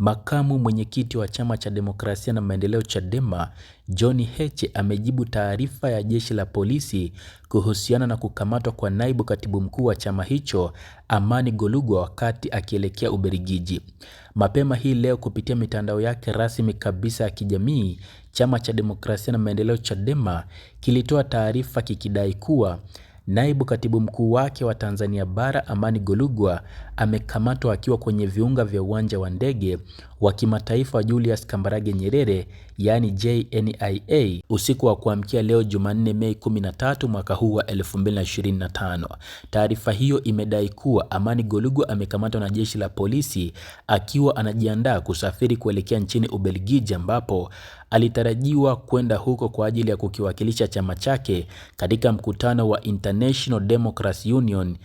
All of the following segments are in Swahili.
Makamu mwenyekiti wa chama cha demokrasia na maendeleo Chadema, John Heche amejibu taarifa ya jeshi la polisi kuhusiana na kukamatwa kwa naibu katibu mkuu wa chama hicho, Amani Golugwa wakati akielekea Ubelgiji. Mapema hii leo kupitia mitandao yake rasmi kabisa ya kijamii, chama cha demokrasia na maendeleo Chadema kilitoa taarifa kikidai kuwa naibu katibu mkuu wake wa Tanzania bara Amani Golugwa amekamatwa akiwa kwenye viunga vya uwanja wa ndege wa kimataifa wa Julius Kambarage Nyerere yaani JNIA usiku wa kuamkia leo Jumanne Mei 13 mwaka huu wa 2025. Taarifa hiyo imedai kuwa Amani Golugwa amekamatwa na jeshi la polisi akiwa anajiandaa kusafiri kuelekea nchini Ubelgiji ambapo alitarajiwa kwenda huko kwa ajili ya kukiwakilisha chama chake katika mkutano wa International Democracy Union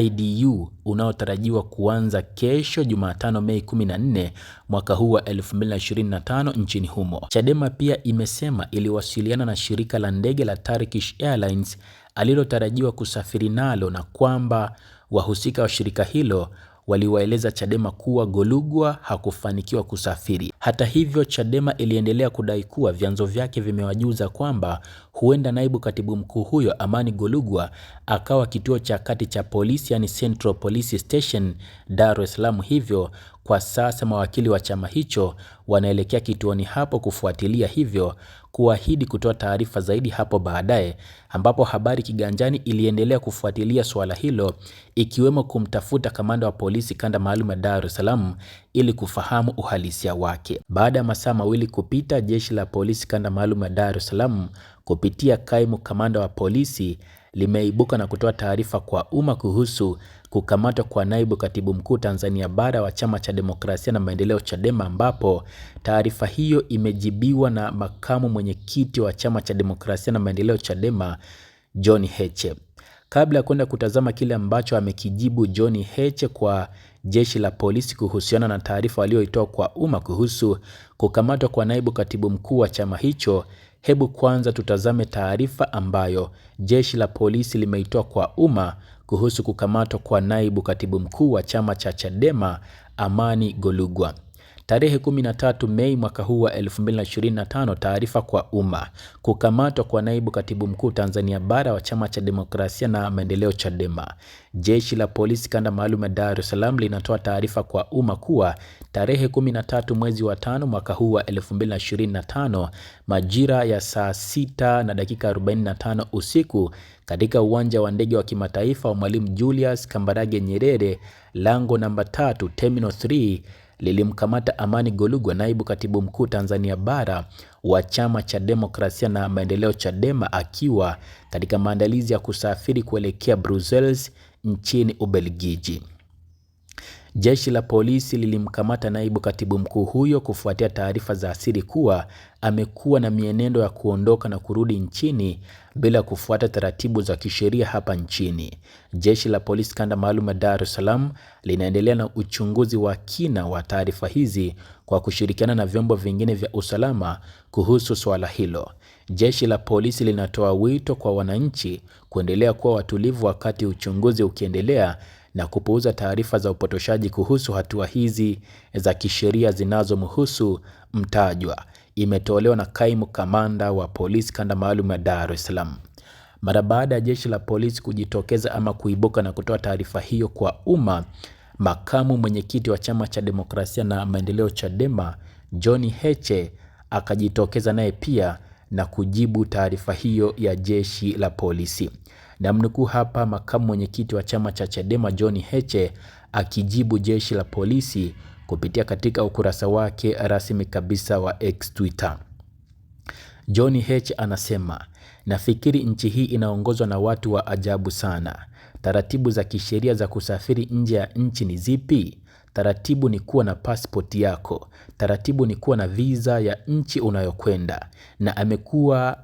IDU unaotarajiwa kuanza kesho Jumatano Mei 14 mwaka huu wa 2025 nchini humo. Chadema pia imesema iliwasiliana na shirika la ndege la Turkish Airlines alilotarajiwa kusafiri nalo na kwamba wahusika wa shirika hilo waliwaeleza Chadema kuwa Golugwa hakufanikiwa kusafiri. Hata hivyo, Chadema iliendelea kudai kuwa vyanzo vyake vimewajuza kwamba huenda naibu katibu mkuu huyo Amani Golugwa akawa kituo cha kati cha polisi, yani Central Police Station, Dar es Salaam, hivyo kwa sasa mawakili wa chama hicho wanaelekea kituoni hapo kufuatilia hivyo kuahidi kutoa taarifa zaidi hapo baadaye, ambapo Habari Kiganjani iliendelea kufuatilia suala hilo ikiwemo kumtafuta kamanda wa polisi kanda maalum ya Dar es Salaam ili kufahamu uhalisia wake. Baada ya masaa mawili kupita, jeshi la polisi kanda maalum ya Dar es Salaam kupitia kaimu kamanda wa polisi limeibuka na kutoa taarifa kwa umma kuhusu kukamatwa kwa naibu katibu mkuu Tanzania bara wa chama cha demokrasia na maendeleo Chadema, ambapo taarifa hiyo imejibiwa na makamu mwenyekiti wa chama cha demokrasia na maendeleo Chadema John Heche. Kabla ya kwenda kutazama kile ambacho amekijibu John Heche kwa jeshi la polisi kuhusiana na taarifa aliyoitoa kwa umma kuhusu kukamatwa kwa naibu katibu mkuu wa chama hicho, Hebu kwanza tutazame taarifa ambayo jeshi la polisi limeitoa kwa umma kuhusu kukamatwa kwa naibu katibu mkuu wa chama cha Chadema Amani Golugwa. Tarehe 13 Mei mwaka huu wa 2025, taarifa kwa umma. Kukamatwa kwa naibu katibu mkuu Tanzania bara wa chama cha demokrasia na maendeleo Chadema. Jeshi la polisi kanda maalum ya Dar es Salaam linatoa taarifa kwa umma kuwa tarehe 13 mwezi wa 5 mwaka huu wa 2025 majira ya saa 6 na dakika 45 usiku katika uwanja wa ndege wa kimataifa wa Mwalimu Julius Kambarage Nyerere, lango namba 3 terminal 3 lilimkamata Amani Golugwa, naibu katibu mkuu Tanzania bara wa chama cha demokrasia na maendeleo Chadema, akiwa katika maandalizi ya kusafiri kuelekea Brussels nchini Ubelgiji. Jeshi la polisi lilimkamata naibu katibu mkuu huyo kufuatia taarifa za asili kuwa amekuwa na mienendo ya kuondoka na kurudi nchini bila kufuata taratibu za kisheria hapa nchini. Jeshi la polisi kanda maalum ya Dar es Salaam linaendelea na uchunguzi wa kina wa taarifa hizi kwa kushirikiana na vyombo vingine vya usalama kuhusu swala hilo. Jeshi la polisi linatoa wito kwa wananchi kuendelea kuwa watulivu wakati uchunguzi ukiendelea na kupuuza taarifa za upotoshaji kuhusu hatua hizi za kisheria zinazomhusu mtajwa. Imetolewa na kaimu kamanda wa polisi kanda maalum ya Dar es Salaam mara baada ya jeshi la polisi kujitokeza ama kuibuka na kutoa taarifa hiyo kwa umma. Makamu mwenyekiti wa chama cha demokrasia na maendeleo Chadema John Heche akajitokeza naye pia na kujibu taarifa hiyo ya jeshi la polisi. Namnukuu hapa makamu mwenyekiti wa chama cha Chadema John Heche akijibu jeshi la polisi kupitia katika ukurasa wake rasmi kabisa wa X Twitter. John Heche anasema, nafikiri nchi hii inaongozwa na watu wa ajabu sana. Taratibu za kisheria za kusafiri nje ya nchi ni zipi? Taratibu ni kuwa na pasipoti yako. Taratibu ni kuwa na visa ya nchi unayokwenda, na amekuwa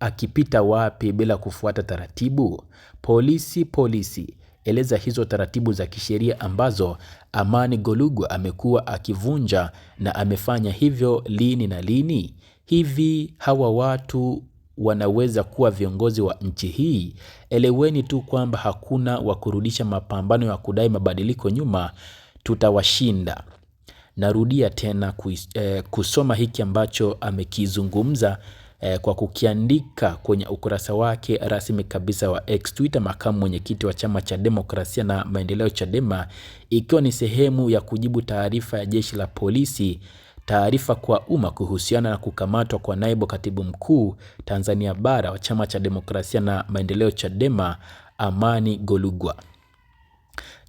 akipita wapi bila kufuata taratibu? Polisi, polisi, eleza hizo taratibu za kisheria ambazo Amani Golugwa amekuwa akivunja na amefanya hivyo lini na lini? Hivi hawa watu wanaweza kuwa viongozi wa nchi hii? Eleweni tu kwamba hakuna wa kurudisha mapambano ya kudai mabadiliko nyuma, tutawashinda. Narudia tena kus, eh, kusoma hiki ambacho amekizungumza eh, kwa kukiandika kwenye ukurasa wake rasmi kabisa wa X Twitter, makamu mwenyekiti wa chama cha demokrasia na maendeleo Chadema, ikiwa ni sehemu ya kujibu taarifa ya jeshi la polisi taarifa kwa umma kuhusiana na kukamatwa kwa naibu katibu mkuu Tanzania bara wa chama cha demokrasia na maendeleo Chadema, Amani Golugwa.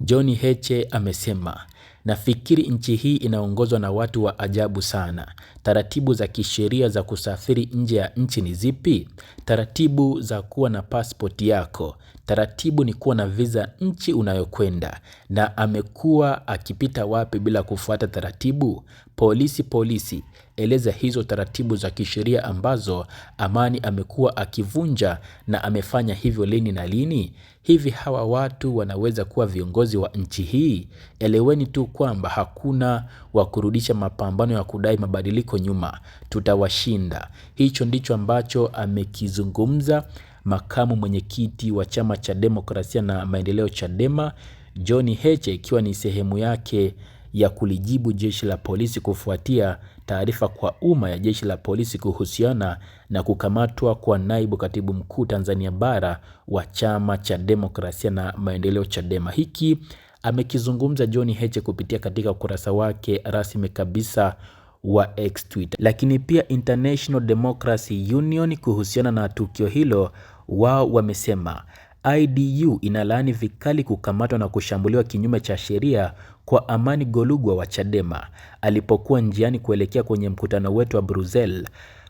John Heche amesema Nafikiri nchi hii inaongozwa na watu wa ajabu sana. Taratibu za kisheria za kusafiri nje ya nchi ni zipi? Taratibu za kuwa na pasipoti yako. Taratibu ni kuwa na viza nchi unayokwenda. Na amekuwa akipita wapi bila kufuata taratibu? Polisi polisi, eleza hizo taratibu za kisheria ambazo Amani amekuwa akivunja na amefanya hivyo lini na lini? Hivi hawa watu wanaweza kuwa viongozi wa nchi hii? Eleweni tu kwamba hakuna wa kurudisha mapambano ya kudai mabadiliko nyuma, tutawashinda. Hicho ndicho ambacho amekizungumza makamu mwenyekiti wa chama cha demokrasia na maendeleo Chadema John Heche, ikiwa ni sehemu yake ya kulijibu jeshi la polisi kufuatia taarifa kwa umma ya jeshi la polisi kuhusiana na kukamatwa kwa naibu katibu mkuu Tanzania bara wa chama cha demokrasia na maendeleo Chadema. Hiki amekizungumza John Heche kupitia katika ukurasa wake rasmi kabisa wa X Twitter. Lakini pia International Democracy Union kuhusiana na tukio hilo, wao wamesema IDU inalaani vikali kukamatwa na kushambuliwa kinyume cha sheria kwa Amani Golugwa wa Chadema alipokuwa njiani kuelekea kwenye mkutano wetu wa Brussels.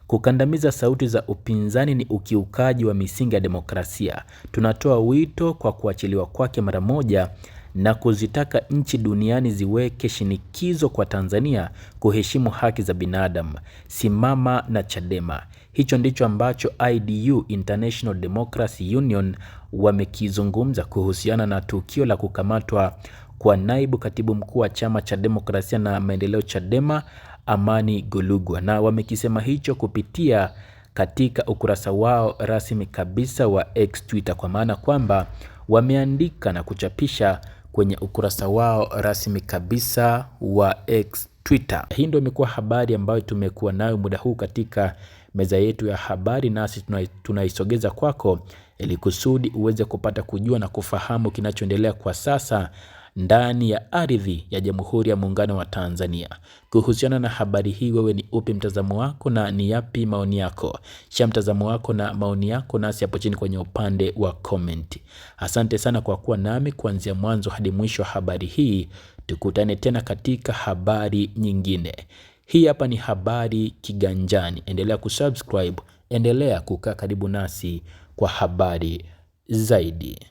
Kukandamiza sauti za upinzani ni ukiukaji wa misingi ya demokrasia. Tunatoa wito kwa kuachiliwa kwake mara moja na kuzitaka nchi duniani ziweke shinikizo kwa Tanzania kuheshimu haki za binadamu. Simama na Chadema. Hicho ndicho ambacho IDU, International Democracy Union, wamekizungumza kuhusiana na tukio la kukamatwa kwa naibu katibu mkuu wa chama cha demokrasia na maendeleo Chadema, Amani Golugwa, na wamekisema hicho kupitia katika ukurasa wao rasmi kabisa wa X Twitter, kwa maana kwamba wameandika na kuchapisha kwenye ukurasa wao rasmi kabisa wa X Twitter. Hii ndio imekuwa habari ambayo tumekuwa nayo muda huu katika meza yetu ya habari, nasi tunaisogeza kwako ili kusudi uweze kupata kujua na kufahamu kinachoendelea kwa sasa ndani ya ardhi ya Jamhuri ya Muungano wa Tanzania. Kuhusiana na habari hii, wewe ni upi mtazamo wako na ni yapi maoni yako? Shia mtazamo wako na maoni yako nasi hapo chini kwenye upande wa comment. Asante sana kwa kuwa nami kuanzia mwanzo hadi mwisho wa habari hii. Tukutane tena katika habari nyingine. Hii hapa ni habari Kiganjani. Endelea kusubscribe, endelea kukaa karibu nasi kwa habari zaidi.